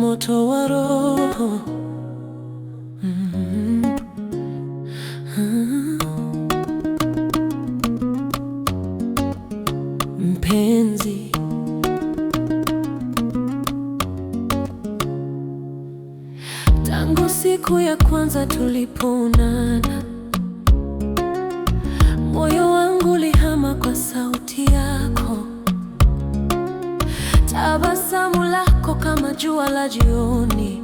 moto wa Roho mm-hmm. Mpenzi, tangu siku ya kwanza tulipoonana, moyo wangu lihama kwa sauti yako, tabasamu la jua la jioni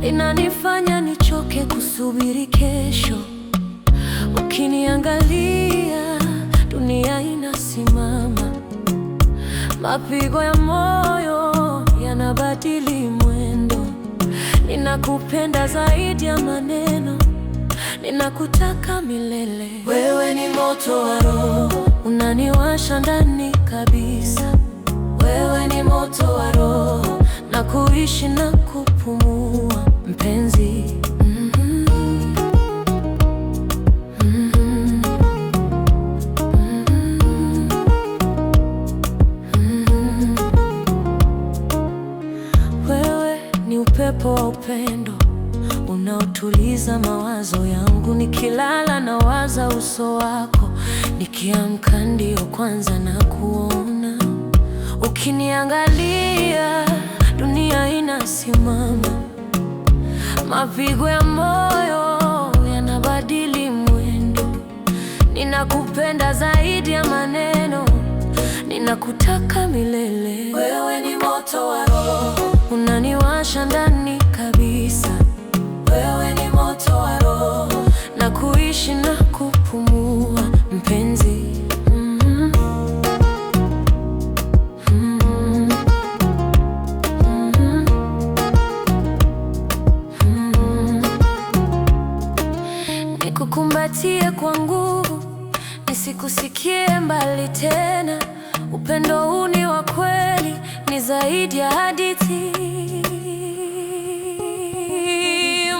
linanifanya nichoke kusubiri kesho. Ukiniangalia dunia inasimama, mapigo ya moyo yanabadili mwendo. Ninakupenda zaidi ya maneno, ninakutaka milele. Wewe ni moto wa roho, unaniwasha ndani kabisa kuishi na kupumua mpenzi. Wewe ni upepo wa upendo unaotuliza mawazo yangu, nikilala na waza uso wako, nikiamka ndio kwanza na kuona ukiniangalia mapigo ya moyo yanabadili mwendo. Ninakupenda zaidi ya maneno, ninakutaka milele. Wewe ni moto wa roho, unaniwasha ndani kabisa. Wewe ni moto wa roho, na kuishi na nikumbatie kwa nguvu, nisikusikie mbali tena. Upendo huu ni wa kweli, ni zaidi ya hadithi.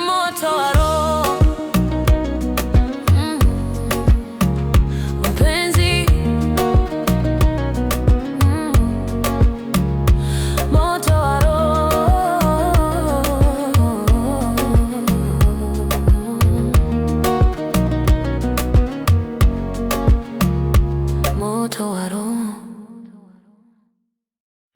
Moto とあろう